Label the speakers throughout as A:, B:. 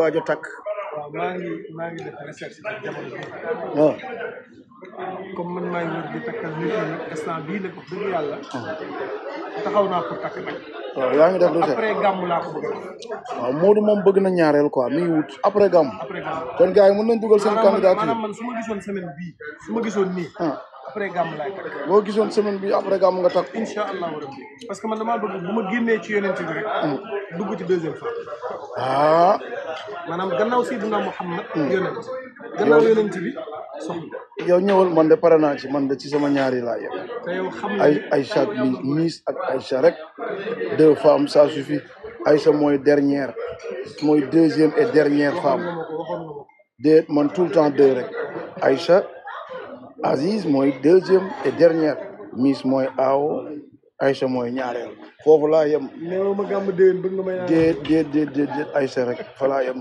A: waajo takk waaw maa ngi maa ngi def recherche jamono bi waaw ah. comme man maa ngi wër di takkal nit ñi instant bii nag wax dëgg yàlla taxaw naa pour takk nag waaw ah, yaa ngi def lu après gàmm laa ko bëgg waaw ah, Modou moom bëgg na ñaareel quoi mi ngi wut après gàmm après gàmm kon gars yi mën nañ dugal seen candidature maanaam man su ma gisoon semaine bii su ma gisoon nii après boo gisoon semaine bi après gàmm nga takk. incha allahu parce que man damaa bëgg bu ma génnee ci yonent bi hmm. dugg ci ah. gannaaw Seydina Muhammad. Hmm. yonent gannaaw yonent bi soxna. yow ñëwal man de pare naa ci man da ci sama ñaari laa yem. te yow xam ay Aïcha Miss ak Aïcha rek deux femmes ça suffit Aïcha mooy dernière mooy deuxième et dernière femme. déet man tout le temps deux rek Aïcha. Aziz mooy deuxième et dernière Miss mooy aaw Aïcha mooy ñaareel foofu laa yem. néew ma gàmm déwén rek fa yem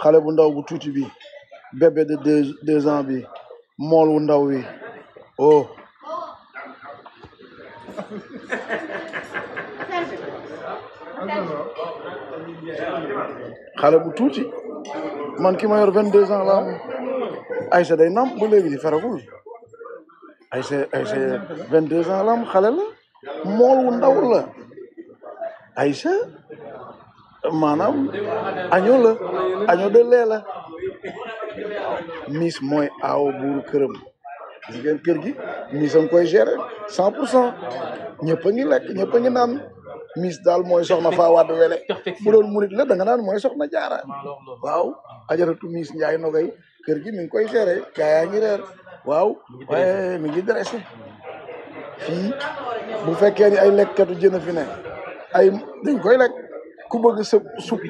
A: xale bu ndaw bu tuuti bi bébé de deux ans bi mool wu ndaw wi oh. xale bu tuuti man ki ma yor vingt deux ans la Aïcha day nam ba léegi di ay see ay vingt deux ans la am la mool wu ndaw la ay sa maanaam año la año de lee la miis mooy aaw buuru këram kër gi miis a koy gérer cent pour cent ñëpp a ngi lekk ñëpp a ngi naan miis daal mooy soxna faa wadd wele bu doon murit la da nga naan mooy soxna jaara waaw ajaratu miis njaay nogay kër gi mi koy gérer gaa yaa Waouh, mais mais ngi dressé bu ni ay a fi ne ay dañ koy ku bëgg sa soupe.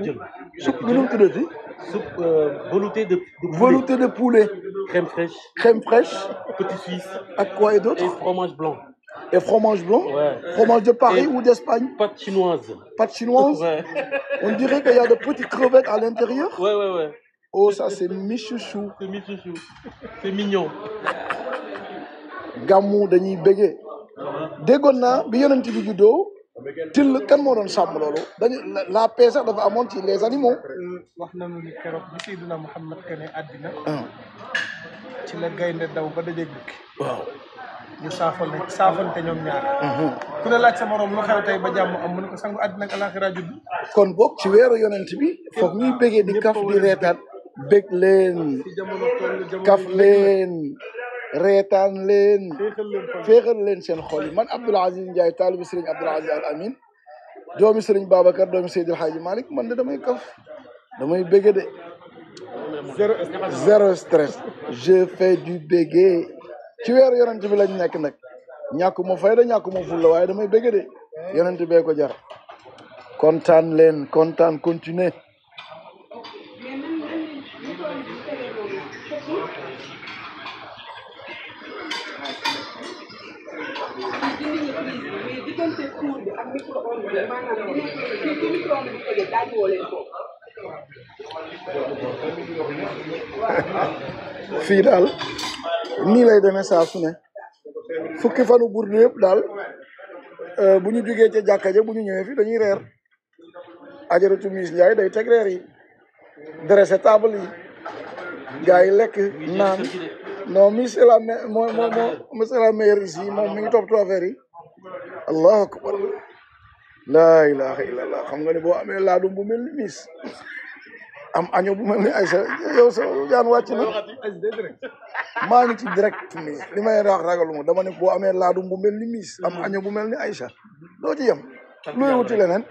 A: Euh, soupe de poulet crème fraîche crème fraîche petit suisse A quoi et d'autre et fromage blanc et fromage blanc fromage de Paris ou d'Espagne pâte chinoise pâte chinoise on dirait qu'il y a des petites crevettes à l'intérieur ouais ouais ouais oh ça c'est mi-chouchou. c'est michouchou c'est mignon Gamu dañuy bégee déggoon na bi yonenti bi juddoo til kan mo doon sam lolu dañ la paix sax dafa amone ci les animaux. wax nañu ni kérok bi Seydina Muhammad kane adina ah. ci la gaynde daw ba dajé bukki. waaw ñu safal té ñom ñaar. Mhm. ku la laaj sa morom lu xew tay ba jamm am mu ne ko sangu adina ak alaaxira judd. kon bok ci weeru yonenti bi. fokk ñuy bégee di kaf di rétat bég leen kaf reetaan leen féexal leen seen xol yi man Abdoul Aziz Ndiaye taalibi Serigne Abdoul Aziz Al Amin doomi Serigne Babacar doomi Seydil Hadji Malick man de damay kaf damay bége de zéro stress je fais du bége ci weeru yonent bi lañ nekk nag ñàkkuma fayda ñàkkuma fulla waaye damay bége de yonent bee ko jar kontaan leen kontaan continuer maanaam li daal nii lay demee saa fukki fanu burdu yëpp daal euh, bu ñu jugee ca jàkka bu ñu ñëwee fi dañuy reer ajaratu Miss Ndiaye day teg reer yi dressé table yi gars yi lekk naan non Miss la moo moo moo Miss la moom mi ngi topp trois affaires yi laa ilaha illallah xam nga ne boo amee laadum bu ni miis am año bu mel ni ay sa yow na maa ngi ci direct mi li may wax ragalu ma dama ne boo amee laadum bu mel ni miis am año bu mel ni Aïcha doo ci yem looy wuti leneen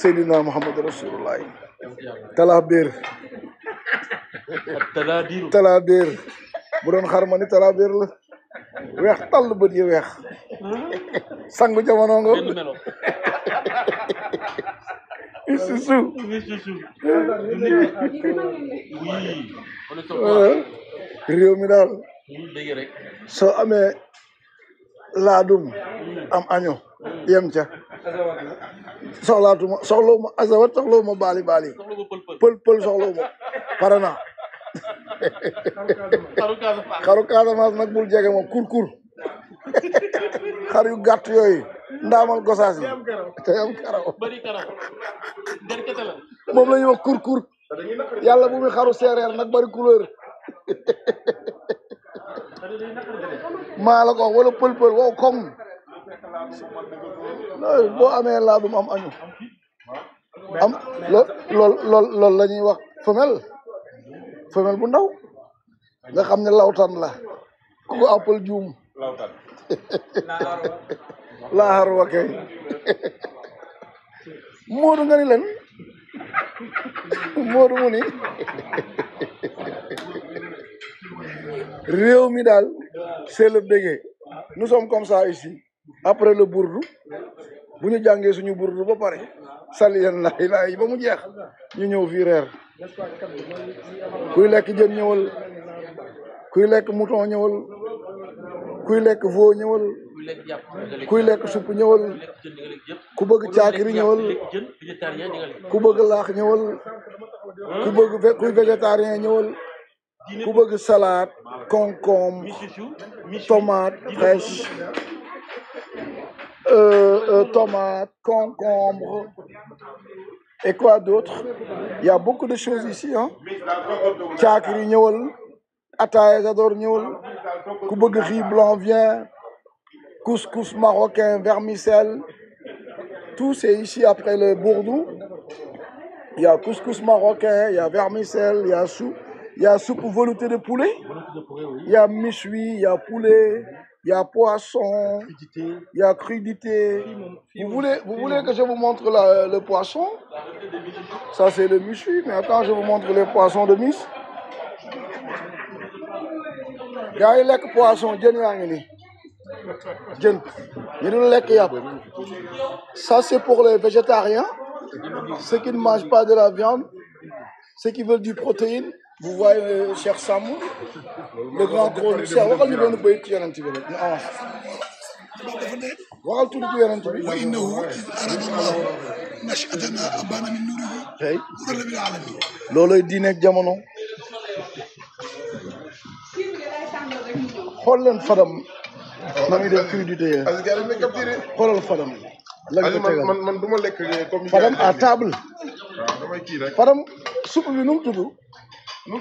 A: Seydina Muhammad rasulullahi talaa béer talaa béer wex tal bu di wex sangu jamono isusu susu rew mi daal soo amee laadum am agno yem ca soxlaatuma soxlawuma azawat soxlawuma baali Pul pul so soxlawuma pare parana xaru Casamance nag bul jege moom kur kur xar yu gàtt yooyu ndaamal gosaas yi te am karaw moom la ñuy kur kur yàlla bu muy xaru séeréer nag bari couleur maa la ko wala pël pël wow koŋ boo amee laadum am añu am lool lool lool la ñuy wax femelle bu ndaw nga xam ne lawtan la ku ko appal juum laaxar wa kay moodu nga ni leen moodu mu réew mi daal c'est le bégué nous comme ça ici après le bourdou bu ñu jàngee suñu bourdou ba pare sali yen ba mu jeex ñu ñëw fii reer kuy lekk jën ñëwal kuy lekk mouton ñëwal kuy lekk veau ñëwal kuy lekk supp ñëwal ku bëgg caakiri ñëwal ku bëgg laax ñëwal ku bëgg kuy végétarien ñëwal ku bëgg salade concombre tomate fraîche euh, euh, tomate concombre Et quoi d'autre Il y a beaucoup de choses ici. Hein? Chakri Koubogri Blanc vient, couscous marocain, vermicelle. Tout c'est ici après le bourdou. Il y a couscous marocain, il y a vermicelle, il y a soupe. Il y a soupe veloutée de poulet. Il y a michui, il y a poulet il y a poisson, il y a crudité. Vous voulez, vous voulez que je vous montre le poisson Ça, c'est le mushu. Mais attends, je vous montre le poisson de Miss. y a poisson ça c'est pour les végétariens ceux qui ne mangent pas de la viande ceux qui veulent du protéine vous voyez euh, cher samou. léegi naa ko Cheikh waxal ñu doon béy ci yonent bi rek ñu ah. Fadam. na muy tegal man man lekk eh, comme. Fadam à table. Eh. Fadam supp bi nu mu tudd. nu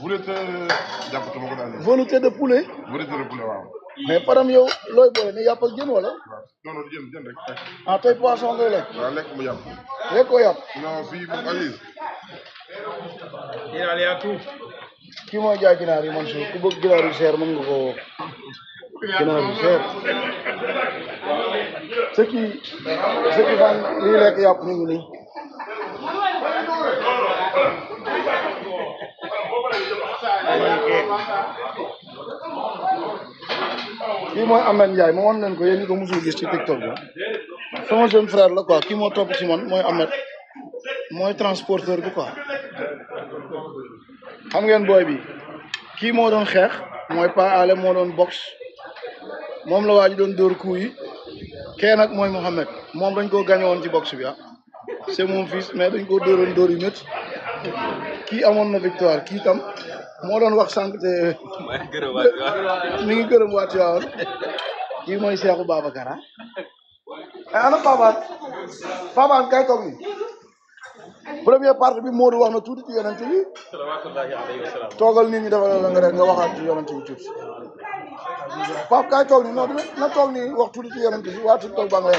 A: boulette euh, jàppatuma ko daal. velouté de poulet. velouté de poulet waaw. mais param yow looy boole ne yàpp ak jën wala. waaw non non jën jën rek. ah tey poisson ngay lekk. waaw lekk mu yàpp. lekkoo yàpp. non fii moom Aziz. ginaar yaa tuut. kii mooy jaay ginaar yi man suuf ku bëgg ginaar yu seer mën nga koo woo. ginaar yu seer. ce qui ce qui fan kii mooy Ameth Ndiaye ma wan leen ko yéen ñi ko mosul gis ci TikTok bi sama jeune frère la quoi kii moo topp si man mooy Ameth mooy transporteur bi quoi xam ngeen booy bi kii moo doon xeex mooy Pa Ale moo doon box moom la waa ji doon dóor coup yi kee nag mooy Mohamed moom dañ koo woon ci box bi ah c'est mon fils mais dañ koo dóoroon dóor yi métti kii amoon na victoire kii tam moo doon wax sànq te mi ngi gërëm waat yow kii mooy Cheikhou Babacar ah. Eh, ana Papan Papan kay toog ni première partie bi Modou wax na tuuti ci yonent bi toogal nit ñi defal la nga rek nga waxaat ci yonent bi tuuti Pape kay toog ni non na toog ni wax tuuti ci yonent waa tuuti toog nga lay